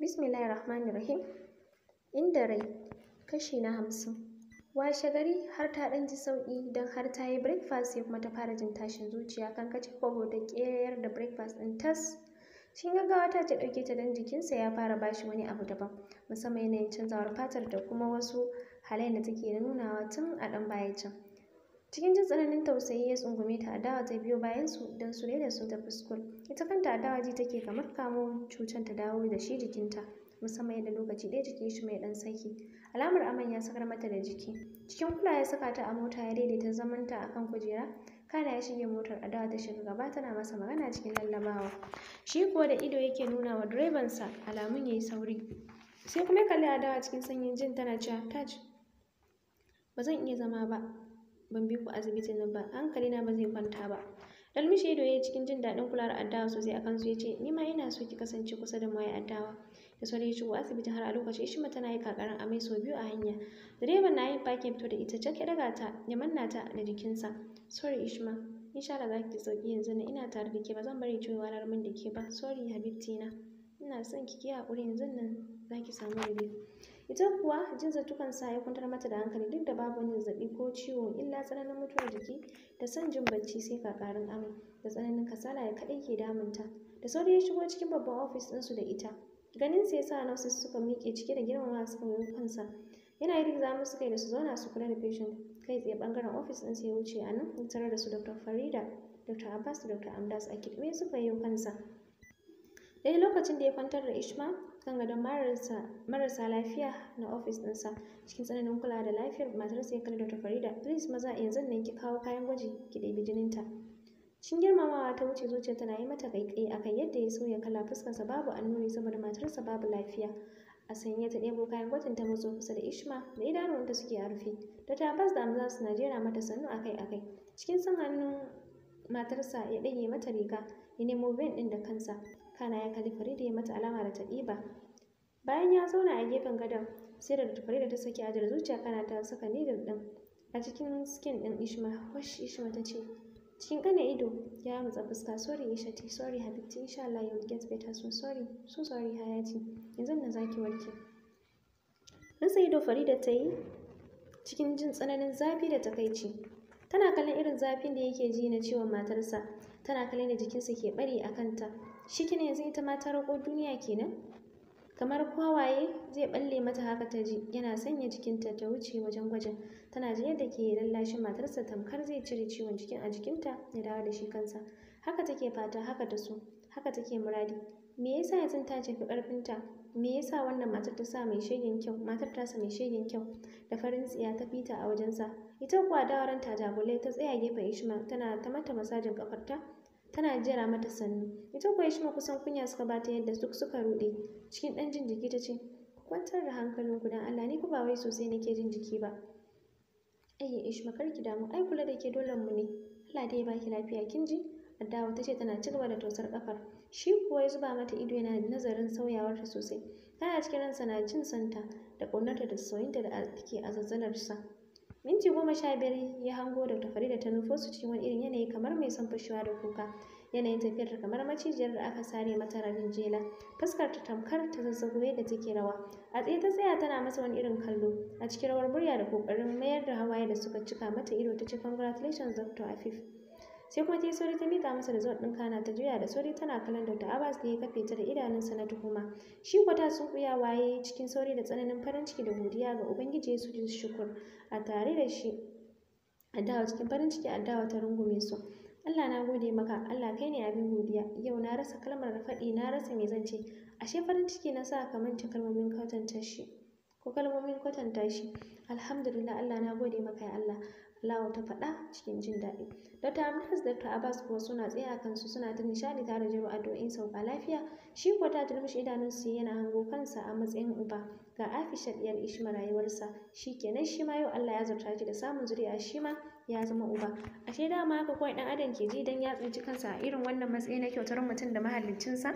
bismillahi Rahmanir Rahim. Inda rai kashi na hamsin. Washe gari har ta ɗan ji sauƙi don har ta yi breakfast ya kuma ta fara jin tashin zuciya kan kace kwabo da ƙeyar da breakfast ɗin tas. Shin gaggawa ta ce ɗauke ta don jikinsa ya fara bashi wani abu daban musamman yanayin canzawar fatar da kuma wasu halayen da take nunawa tun a ɗan baya can. cikin jin tsananin tausayi ya tsungume ta adawa ta biyo bayan su don su da su tafi skul ita kanta adawa ji take kamar kamo cutar ta dawo da shi jikinta musamman yadda lokaci ɗaya jikin shi mai ɗan saki alamar aman ya sakar mata da jiki cikin kula ya saka ta a mota ya daidaita zaman zamanta akan kujera kana ya shige motar adawa ta shiga gaba tana masa magana cikin lallabawa shi kuwa da ido yake nuna wa direbansa alamun ya yi sauri sai kuma kalli adawa cikin sanyin jin tana cewa taj ba zan iya zama ba ban bi ku asibitin nan ba hankali na ba zai kwanta ba dan mishi ido yayi cikin jin daɗin kula da addawa sosai akan su yace ni ma ina so ki kasance kusa da mu yayi addawa da sauri ya shigo asibiti har a lokacin Ishma tana yi kakarin amai sau biyu a hanya direban na yin fakin fito da ita cak ya daga ta ya manna ta da jikinsa sorry Ishma sha Allah za ki sauki yanzu na ina tare da ke ba zan bari ciwo walar min da ke ba sorry habibti ina son ki ki haƙuri yanzun nan za ki samu rabi ita kuwa jin sa ya kwantar mata da hankali duk da babu wani zazzaɓi ko ciwo illa tsananin mutuwar jiki da son jin bacci sai ƙarin amai da tsananin kasala ya kaɗai ke damun ta da sauri ya shigo cikin babban ofis ɗinsu da ita ganin sai sa nurses suka miƙe cike da girmamawa suka yi kansa yana girgiza musu kai da su zauna su kula da patient kai tsaye ɓangaren ofis ɗin sa ya wuce a nan tare da su dr farida dr abbas da dr amdas a kiɗime suka yi kansa ɗaya eh, lokacin da ya kwantar da ishma kan gadon marasa lafiya na ofis ɗinsa cikin tsananin kulawa da lafiyar matarsa ya kalli da farida please maza yanzu nan ki kawo kayan gwaji ki ɗebi jininta cin girmamawa ta wuce zuciya tana yi mata kaikai akan yadda ya sauya kala fuskarsa babu annuri saboda matarsa babu lafiya. A sanye ta ɗebo kayan gwajin ta matso kusa da Ishma da idanuwanta suke a rufe. Da tabbas da amsa suna jera mata sannu akai-akai. Cikin son hannun matarsa ya ɗage mata riga ya nemo ɗin da kansa. kana ya kalli Farida ya mata alama da taɓiba. Bayan ya zauna a gefen gadon, sai da Farida ta saki ajiyar zuciya kana ta saka nidal ɗin a cikin skin ɗin Ishma. Wash Ishma ta ce, cikin ƙane ido ya matsa fuska sorry Ishati, sorry Habibti, insha Allah you will get better soon, sorry, so sorry Hayati, yanzu na zaki warke. Rinsa ido Farida ta yi cikin jin tsananin zafi da takaici. Tana kallon irin zafin da yake ji na ciwon matarsa, tana kallon da jikinsa ke bari a kanta, shi ne zai ita ta ta rako duniya kenan kamar kwawaye zai balle mata haka ta ji yana sanya jikinta ta wuce wajen gwajin tana ji yadda ke lallashin matarsa tamkar zai cire ciwon cikin a jikinta ya dawo da shi kansa haka take fata haka ta so haka take muradi me yasa yanzu ta jefi karfinta me yasa wannan matar ta sa mai shegen kyau matar ta mai shegen kyau da farin tsiya ta fita a wajensa ita kuwa dawaran ta jagule ta tsaya gefen Ishma tana ta mata masajin kafarta tana jera mata sannu ita kuwa shi kusan kunya suka bata yadda duk suka ruɗe cikin ɗan jin jiki ta ce kwantar da ku, don Allah ni ba wai sosai nake jin jiki ba ai ishma kar ki damu ai kula da ke dole mu ne Allah dai ya baki lafiya kin ji Addawa ta ce tana ci gaba da tosar kafar shi kuwa ya zuba mata ido yana nazarin sauyawarta sosai tana cikin ransa na jin santa da ƙaunarta da soyinta da ke a zazzanarsa minti goma sha biyar ya hango dr farida ta nufo su cikin wani irin yanayi kamar mai son fushewa da kuka yanayin tafiyar kamar macijiyar da aka sare mata rabin jela fuskar ta tamkar ta zazzago yadda take rawa a tsaye ta tsaya tana masa wani irin kallo a cikin rawar murya da kokarin mayar da hawaye da suka cika mata ido ta ce congratulations dr afif sai kuma ta sauri ta miƙa masa da zuwan ɗin kana ta juya da sauri tana kallon dr abbas da ya kafe ta da idanunsa na tuhuma shi kuwa ta kuya waye cikin sauri da tsananin farin ciki da godiya ga ubangiji yesu shukur a tare da shi addawa cikin farin ciki addawa ta rungume su Allah na gode maka, Allah kai ne abin godiya. Yau na rasa kalmar da faɗi, na rasa me zan zance. Ashe farin ciki na sa ka manta kalmomin kwatanta shi. Ko kalmomin kwatanta shi. Alhamdulillah Allah na gode maka ya Allah. Lawa ta faɗa cikin jin daɗi. Dokta Amnas da Dokta Abbas kuwa suna tsaye a kansu suna ta nishaɗi tare da jiran addu'o'in sauka lafiya. Shi kuwa ta turmushi idanunsu yana hango kansa a matsayin uba. Ga Afisha ɗiyar Ishma rayuwarsa shi kenan shi ma yau Allah ya zarta shi da samun zuriya shi ma ya zama uba. Ashe dama haka kawai ɗan adam ke ji don ya tsinci kansa a irin wannan matsayi na kyautar mutum da mahaliccinsa.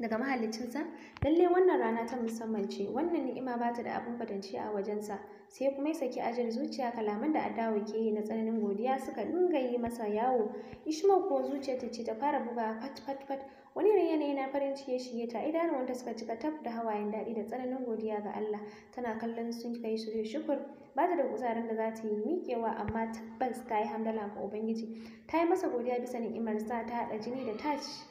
daga mahalicinsa, lalle wannan rana ta musamman ce wannan ni'ima ba ta da abin kwatance a wajensa sai kuma ya saki ajin zuciya kalaman da adawa ke yi na tsananin godiya suka dinga yi masa yawo ishma kuwa zuciyarta ce ta fara buga fat fat fat wani ne yanayi na farin ciki ya shige ta wanda suka cika tab da hawayen daɗi da tsananin godiya ga Allah tana kallon sun kai su shukur ba ta da kuzarin da za ta yi miƙewa amma tabbas ta yi hamdala ga Ubangiji ta yi masa godiya bisa ni'imar sa ta haɗa jini da tashi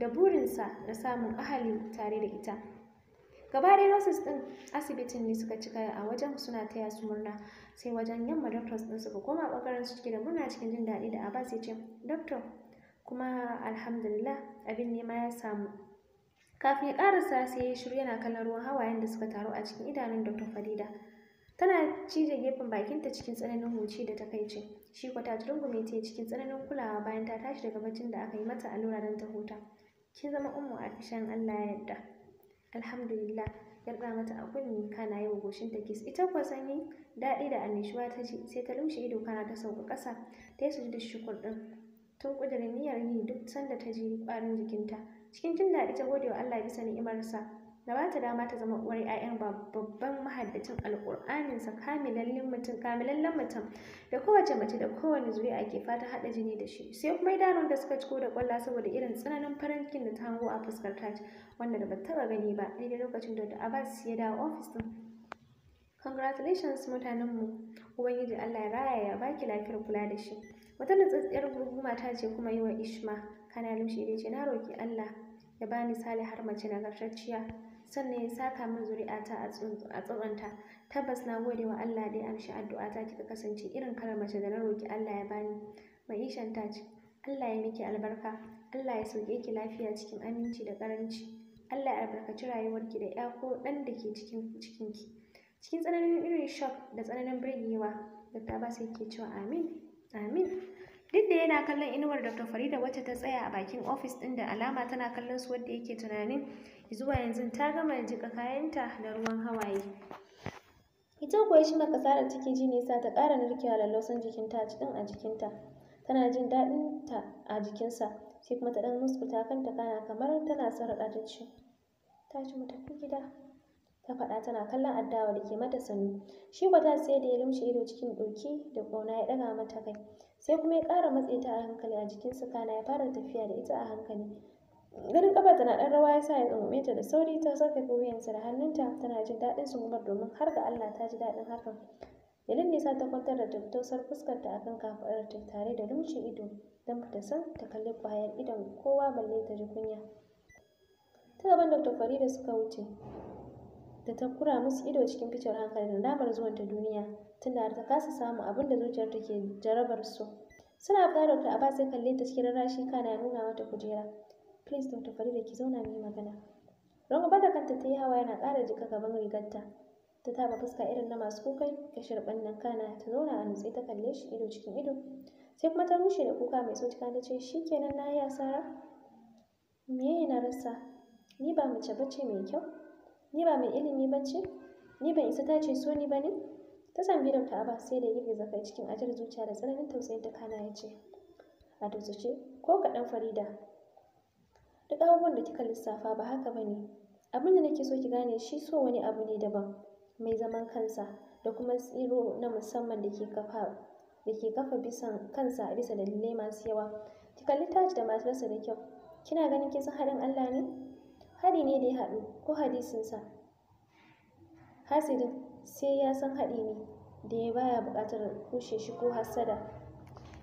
da burinsa na samun ahali tare da ita gaba ɗaya nurses ɗin asibitin ne suka cika a wajen suna taya su murna sai wajen yamma doctors ɗin suka koma ɓangaren su cike da murna cikin jin daɗi da abbas ya ce doctor kuma alhamdulillah abin nema ya samu kafin ya ƙarasa sai ya shiru yana kallon ruwan hawayen da suka taru a cikin idanun dr farida tana cije gefen bakinta cikin tsananin huci da takaici shi ko ta rungume cikin tsananin kulawa bayan ta tashi daga baccin da aka yi mata allura don ta huta Kin zama ummu a fishan? Allah ya yarda. Alhamdulillah yarda mata a kunne kana yi wa goshin ta kiss. Ita kuwa sanyi daɗi da annishuwa ta ce, sai ta lumshe ido kana ta sauka ƙasa ta yi sujudu shukur ɗin. Tun ƙudurin niyyar yi duk sanda ta ji ƙwarin jikinta. Cikin jin daɗi ta gode wa Allah bisa ni'imarsa. da ba ta dama ta zama uwar 'ya'yan babban mahaddacin alƙur'anin sa kamilallin mutum kamilallin mutum da kowace mace da kowane a ke fata haɗa jini da shi sai kuma idanun da suka ciko da ƙwalla saboda irin tsananin farin da ta hango a fuskar taj wanda da ba taɓa gani ba daidai lokacin da abbas ya dawo ofis din congratulations mu ubangiji allah ya raya ya baki lafiyar kula da shi wata tsatsiyar gurguma ta ce kuma yi wa ishma kana lumshi ce na roki allah ya bani salihar mace nagartacciya sannan ya saka min zuri'ata a tsoronta tabbas na gode wa Allah da ya amshi addu'ata kika kasance irin kalar mace da na roki Allah ya bani ishan ta ce Allah ya miki albarka Allah ya sauke ki lafiya cikin aminci da karanci Allah ya albarkaci rayuwarki da ya ko ɗan da ke cikin cikinki cikin tsananin irin shock da tsananin birgewa da ba sai yake cewa amin amin duk da yana kallon inuwar dr farida wacce ta tsaya a bakin ofis ɗin da alama tana kallon su wadda yake tunanin zuwa yanzu ta gama jika kayanta da ruwan hawaye ita kuwa shi makasarar ciki ji nisa ta ƙara narkewa lallausan jikinta a cikin a jikinta tana jin daɗin ta a jikinsa sai kuma ta ɗan muskuta kanta kana kamar tana son ta ce ta ci mu tafi gida ta faɗa tana kallon addawa da ke mata sannu shi kuwa ta sai da ya lumshe ido cikin ɗauki da ƙauna ya ɗaga mata kai sai kuma ya ƙara matse ta a hankali a jikinsa kana ya fara tafiya da ita a hankali ganin kafa tana ɗan rawa ya sa ya tsungume ta da sauri ta saka wuyansa da hannunta tana jin daɗin kuma domin har da Allah ta ji daɗin hakan Yalin nisa ta kwantar da tattausar fuskarta akan kafaɗar ta tare da lumshe ido don ta san ta kalli bayan idon kowa balle ta ji kunya. Ta gaban Dr. Farida suka wuce, da ta kura musu ido cikin fitar hankali da damar zuwan ta duniya tunda har ta kasa samun abin da zuciyar take jarabar su suna fara da abbas sai kalle ta cikin rarashi kana nuna mata kujera please dr da ki zauna mu magana rungubar da kanta ta yi hawa yana ƙara jika gaban rigarta ta taba fuska irin na masu kukai ta shirɓan nan kana ta zauna a nutse ta kalle shi ido cikin ido sai kuma ta rushe da kuka mai tsotika ta ce shi kenan na yi asara me na rasa ni ba mace bace mai kyau ni ba mai ilimi ba ce ni ban isa ta ce so ni ba ne ta sami da ta'aba sai da girgiza kai cikin ajiyar zuciya da tsananin tausayin ta kana ya ce a ce ko kaɗan farida duk abubuwan da kika lissafa ba haka ba ne abin da nake so ki gane shi so wani abu ne daban mai zaman kansa da kuma tsiro na musamman da ke kafa bisan kansa a bisa dalilai masu yawa ki kalli taji da matarsa da kyau kina ganin kin san haɗin Allah ne haɗi ne da ya haɗu ko hadisinsa hasidin sai ya san haɗi ne da ya baya buƙatar kushe shi ko hassada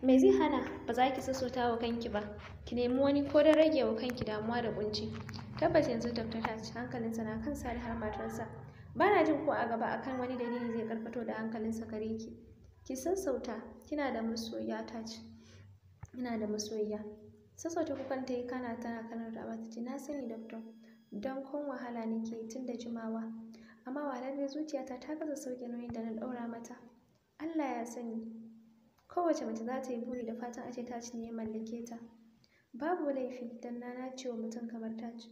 mai zai hana ba za ki sassauta wa kanki ba ki nemi wani ko don rage wa kanki damuwa da kunci tabbas yanzu dr taj hankalinsa na kan sare har matarsa ba na jin ko a gaba akan wani dalili zai karfato da hankalinsa gare ki ki sassauta kina da masoya taj kina da masoya sassauta kukan ta yi kana tana kanar da abata ce na sani doctor don kun wahala nake tun da jimawa amma wahalar zuciyata ta kasa sauke nauyin da na ɗaura mata Allah ya sani kowace mace za ta yi buri da fatan ace ta ci ne mallake ta babu laifi dan na nace wa mutum kamar ta ci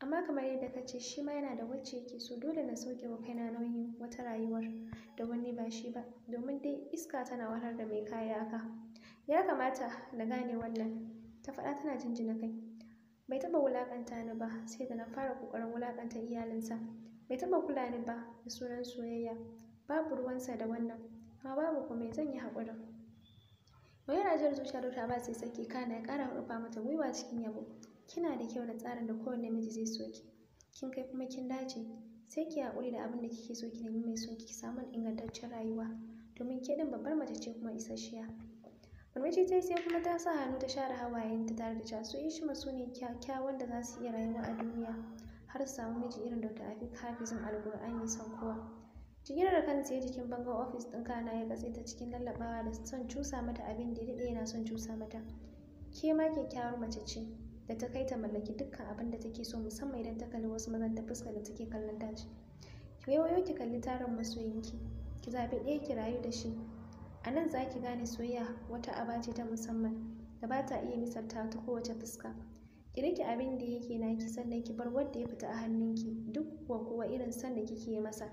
amma kamar yadda ka ce shi ma yana da wacce yake so dole na sauke wa kaina nauyin wata rayuwar da wani ba shi ba domin dai iska tana warar da mai kaya ka. ya kamata na gane wannan ta faɗa tana jinjina kai bai taɓa wulaƙanta ni ba sai da na fara ƙoƙarin wulaƙanta iyalinsa bai taɓa kula ni ba da sunan soyayya babu ruwansa da wannan amma babu komai zan yi haƙurin mai rajiyar zuciya dokta ba sai sake kana ya ƙara rufa mata gwiwa cikin yabo kina da kyau da tsarin da kowanne miji zai so ki kin kai kuma kin dace sai ki haƙuri da abin da kike so ki nemi mai son ki samu ingantaccen rayuwa domin ke din babbar mace ce kuma isasshiya Murmushi ta sai kuma ta sa hannu ta share hawayenta tare da casu su ma su ne kyakkyawan da za su iya rayuwa a duniya har su samu miji irin da ta fi Hafizin Alƙur'ani son kowa. Jigilar kan tsaye jikin bangon ofis ɗin kana ya katse ta cikin lallabawa da son cusa mata abin da ya daɗe yana son cusa mata. Ke ma kyakkyawar mace ce da ta kai ta mallaki dukkan abin da take so musamman idan ta kalli wasu mazan ta fuska da take kallon ta ce. Ki wayo ki kalli tarin masoyinki, ki zaɓi ɗaya ki rayu da shi, A nan za ki gane soyayya wata aba ce ta musamman da ba ta iya misalta ta kowace fuska. Ki rike abin da yake naki sannan ki bar wanda ya fita a hannunki duk wa kuwa irin san da kike masa.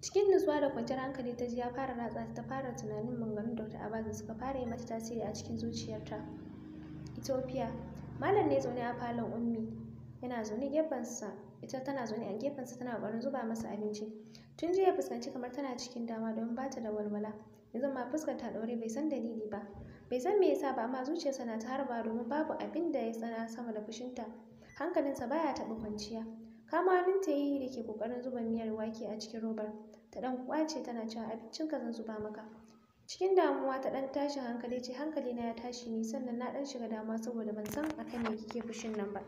Cikin nutsuwa da kwanciyar hankali ta ji ya fara ratsa ta fara tunanin maganganun Dr. aba da suka fara yi mata tasiri a cikin zuciyarta. Ethiopia Malam ne zaune a falon Ummi yana zaune gefensa ita tana zaune a gefensa tana ƙoƙarin zuba masa abinci. Tun jiya fuskanci kamar tana cikin dama don ba ta da walwala. yanzu ma fuskar ta ɗaure bai san dalili ba bai san me yasa ba amma zuciyarsa na ta harba domin babu abin da ya tsana sama da fushinta hankalinsa baya taɓa kwanciya kama hannun ta yi da ke ƙoƙarin zuba miyar wake a cikin robar ta ɗan kwace tana cewa abincin ka zan zuba maka cikin damuwa ta ɗan tashin hankali ce hankali na ya tashi ne sannan na ɗan shiga damuwa saboda ban san akan me kike fushin nan ba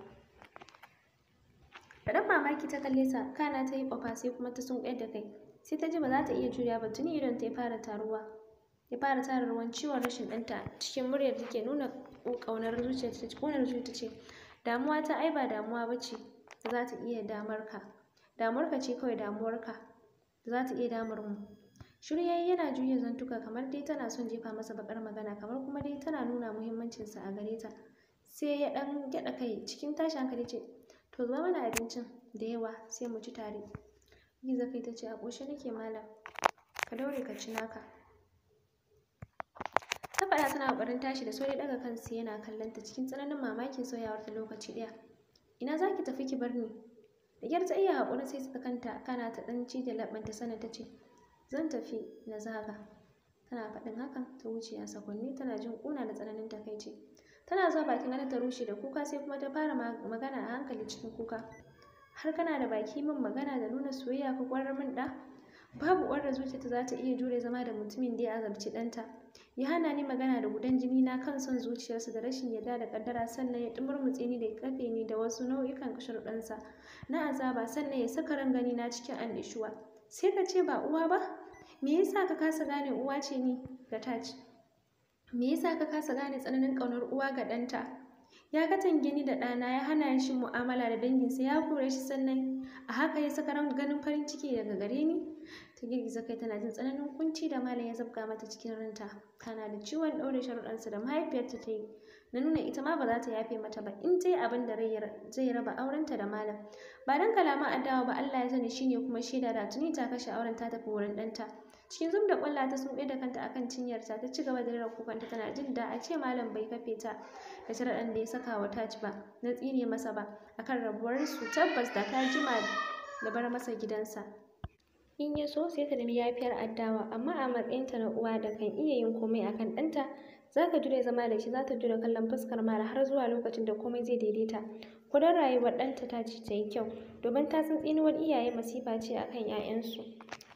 da ɗan mamaki ta kalle sa kana ta yi kwafa sai kuma ta sunkuyar da kai sai ta ji ba za ta iya juriya ba tuni idan ta ya fara taruwa ya fara tara ruwan ciwon rashin ɗanta cikin muryar da nuna ƙaunar zuciya ta ce damuwa ta ai ba damuwa ba ce da za ta iya damar ka damuwar ka ce kawai damuwar ka da za ta iya damar mu shirya yana juya zantuka kamar dai tana son jefa masa bakar magana kamar kuma dai tana nuna muhimmancinsa a gare ta sai ya dan gyaɗa kai cikin tashin hankali ce to zama na abincin da yawa sai mu ci tare kai ta ce a ƙoshe nake malam. Ka daure ka ci naka. Ta faɗa tana ƙoƙarin tashi da sauri ɗaga kansu yana kallon ta cikin tsananin mamakin sauyawar ta lokaci ɗaya. Ina za ki tafi ki bar ni? Da kyar ta iya haƙurin sai ta kanta kana ta ɗan cije ta sanin ta ce zan tafi na zaga. Tana faɗin hakan ta wuce a sakwanni tana jin ƙuna da tsananin takaici. Tana zuwa bakin ganin ta rushe da kuka sai kuma ta fara magana a hankali cikin kuka. har kana da baki min magana da nuna soyayya ka kwarar min ɗa babu wanda zuciyarta za ta iya jure zama da mutumin da ya azabci danta. ya hana ni magana da gudan jini na kan son zuciyarsa da rashin yarda da kaddara sannan ya tumurmutse ni da kafe ni da wasu nau'ikan shurɗansa na azaba sannan ya saka rangani na cikin annishuwa sai ka ce ba uwa ba me yasa ka kasa gane uwa ce ni ga taci me yasa ka kasa gane tsananin ƙaunar uwa ga ɗanta ya katan da ɗana ya hana shi mu'amala da danginsa ya kore shi sannan a haka ya saka ran ganin farin ciki daga gare ni ta girgiza kai tana jin tsananin kunci da malam ya zabga mata cikin ranta Tana da ciwon ɗaure sharuɗansa da mahaifiyarta ta yi na nuna ita ma ba za ta yafe mata ba in ta abin da zai raba aurenta da malam ba dan kalaman adawa ba Allah ya sani shine kuma shaida da tuni ta kashe auren ta tafi wurin ɗanta cikin zum da kullata ta sun da kanta akan cinyarta ta ci gaba da rarra kukanta tana jin da a ce malam bai kafe ta da sharaɗin da ya saka wa taj ba na tsine masa ba akan rabuwar su tabbas da ta jima da bar masa gidansa in ya so sai ta nemi yafiyar addawa amma a matsayinta na uwa da kan iya yin komai akan ɗanta za ka jure zama da shi za ta jure kallon fuskar mara har zuwa lokacin da komai zai daidaita kudan rayuwar ɗanta ta ci ta yi kyau domin ta san tsinuwar iyaye masifa ce a kan 'ya'yansu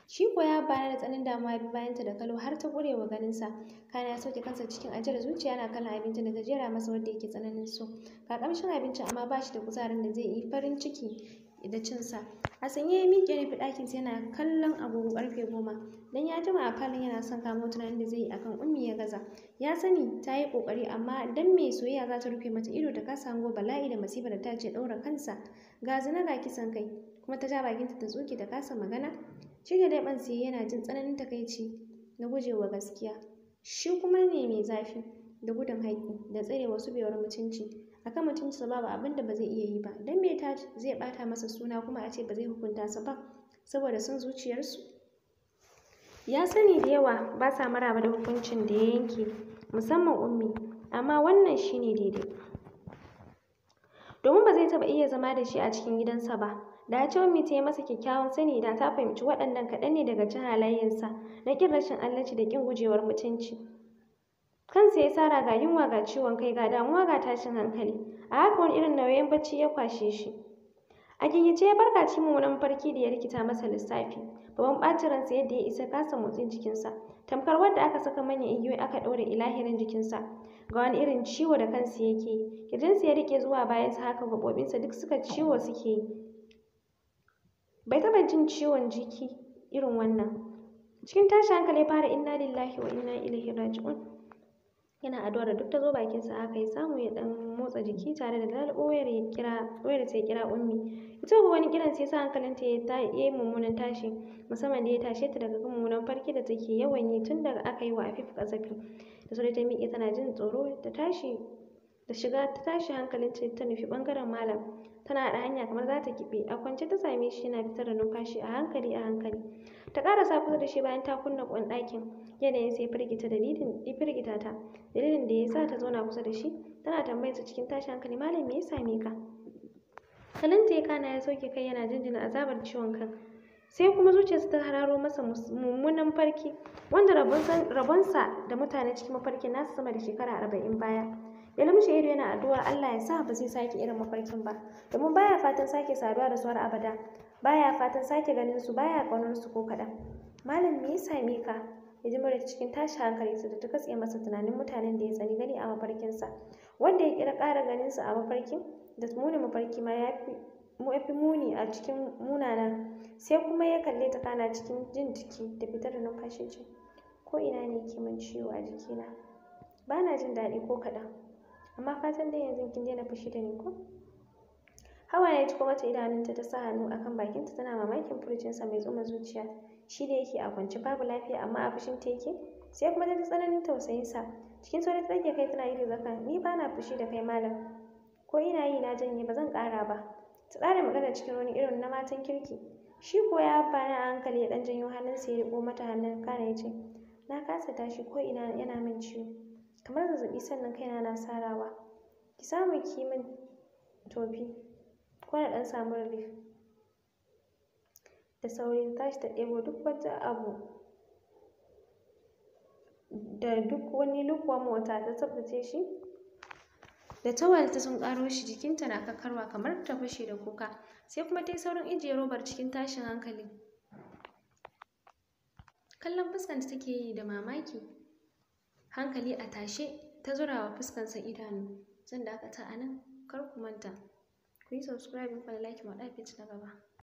shi kuwa ya bayar da tsanin damuwa bi bayanta da kalo har ta ƙurewa ganinsa kana ya sauke kansa cikin ajiyar zuciya na kallon abincin da ta jera masa wanda yake tsananin so ga ƙamshin abincin amma ba shi da kuzarin da zai yi farin ciki da sa a sanye ya miƙe ɗakin sa yana kallon agogo ƙarfe goma dan ya jima a falon yana son kamo tunanin da zai yi akan ummi ya gaza ya sani ta yi ƙoƙari amma dan mai soyayya za ta rufe mata ido ta kasa hango bala'i da masifa da ta ce ɗaura kansa ga zina ga kisan kai kuma ta ja bakinta ta tsoke ta kasa magana shirya dai ɓansa yana jin tsananin takaici na gujewa gaskiya shi kuma ne mai zafi da gudun haƙƙi da tsare wasu biyar mutunci akan sa babu abin da ba zai iya yi ba don me ta zai bata masa suna kuma a ce ba zai hukunta sa ba saboda sun zuciyarsu ya sani da yawa ba sa maraba da hukuncin da ya yanke musamman ummi amma wannan shine daidai domin ba zai taɓa iya zama da shi a cikin gidansa ba da ya ce ummi ta yi masa kyakkyawan sani da ta fahimci waɗannan kaɗan ne daga cin halayensa na ƙin rashin allaci da ƙin gujewar mutunci kansa ya sara ga yunwa ga ciwon kai ga damuwa ga tashin hankali a haka wani irin nauyin bacci ya kwashe shi a gigice ya barka cikin mummunan farki da ya rikita masa lissafi babban ɓacin ransa yadda ya isa kasa motsin jikinsa tamkar wadda aka saka manyan igiyoyi aka ɗaure ilahirin jikinsa ga wani irin ciwo da kansa yake yi kirjinsa ya rike zuwa bayan sa haka gaɓoɓinsa duk suka ciwo suke yi bai taɓa jin ciwon jiki irin wannan cikin tashin hankali ya fara inna lillahi wa inna ilaihi raji'un yana addu'ar duk ta zo bakinsa aka yi samu ya dan motsa jiki tare da lalbo wayar ya kira wayar sai kira ummi ita ko wani kiran sai sa ta ya ta yi mummunan tashi musamman da ya tashe ta daga mummunan farki da take yawan yi tun daga aka yi wa Afif kazafi da sauri ta miƙe tana jin tsoro ta tashi da shiga ta tashi hankalin ta ta nufi bangaren malam tana da hanya kamar za ta kiɓe a kwance ta same shi yana fitar da numfashi a hankali a hankali ta ƙara kusa da shi bayan ta kunna ƙwan ɗakin yanayin sai firgita dalilin firgita ta dalilin da ya sa ta zauna kusa da shi tana tambayar sa cikin tashin hankali malam me ya same ka kalin ya kana ya sauke kai yana jinjina azabar ciwon kan sai kuma zuciyarsa ta hararo masa mummunan farki wanda rabonsa da mutane cikin mafarkin nasu sama da shekara arba'in baya ya lumshe ido yana addu'ar Allah ya sa ba zai sake irin mafarkin ba domin baya fatan sake saduwa da suwar abada baya fatan sake ganin su baya kaunar su ko kaɗan malam me ya same ka hidimar da cikin tashi hankali su da ta katse masa tunanin mutanen da ya tsani gani a mafarkinsa wanda ya kira ƙara ganinsa a mafarkin da muni mafarki ma ya fi mu yafi muni a cikin munanan. sai kuma ya kalle ta kana cikin jin jiki da fitar da numfashin ce. ko ina ne ke min ciwo a jikina ba na jin daɗi ko kaɗan amma fatan dai yanzu kin daina fushi da ni ko hawaye ya kuma ta idanunta ta sa hannu akan bakinta tana mamakin furucinsa mai tsuma zuciya shi da yake a kwance babu lafiya amma a fushin ta yake sai kuma ta tsananin tausayinsa cikin sauri ta rage kai tana yi da zaka ni ba na fushi da kai malam ko ina yi na janye ba zan ƙara ba ta tsara magana cikin wani irin na matan kirki shi ko ya ni a hankali ya ɗan janyo hannunsa ya riƙo mata hannun kana ya ce na kasa tashi ko ina yana min ciwo kamar zazzaɓi sannan kaina na sarawa ki samu ki min tofi ko na ɗan samu relief da saurin tashi ta ɗebo duk wata abu da duk wani lukewarm wata ta tsaftace shi da tawal ta sun karo shi jikinta na kakarwa kamar ta fashe da kuka sai kuma ta saurin ijiye robar cikin tashin hankali kallon fuskanta take yi da mamaki hankali a tashe ta zura wa fuskansa idanu zan dakata a nan kar ku manta ku yi subscribe ku like mu ɗafinci na gaba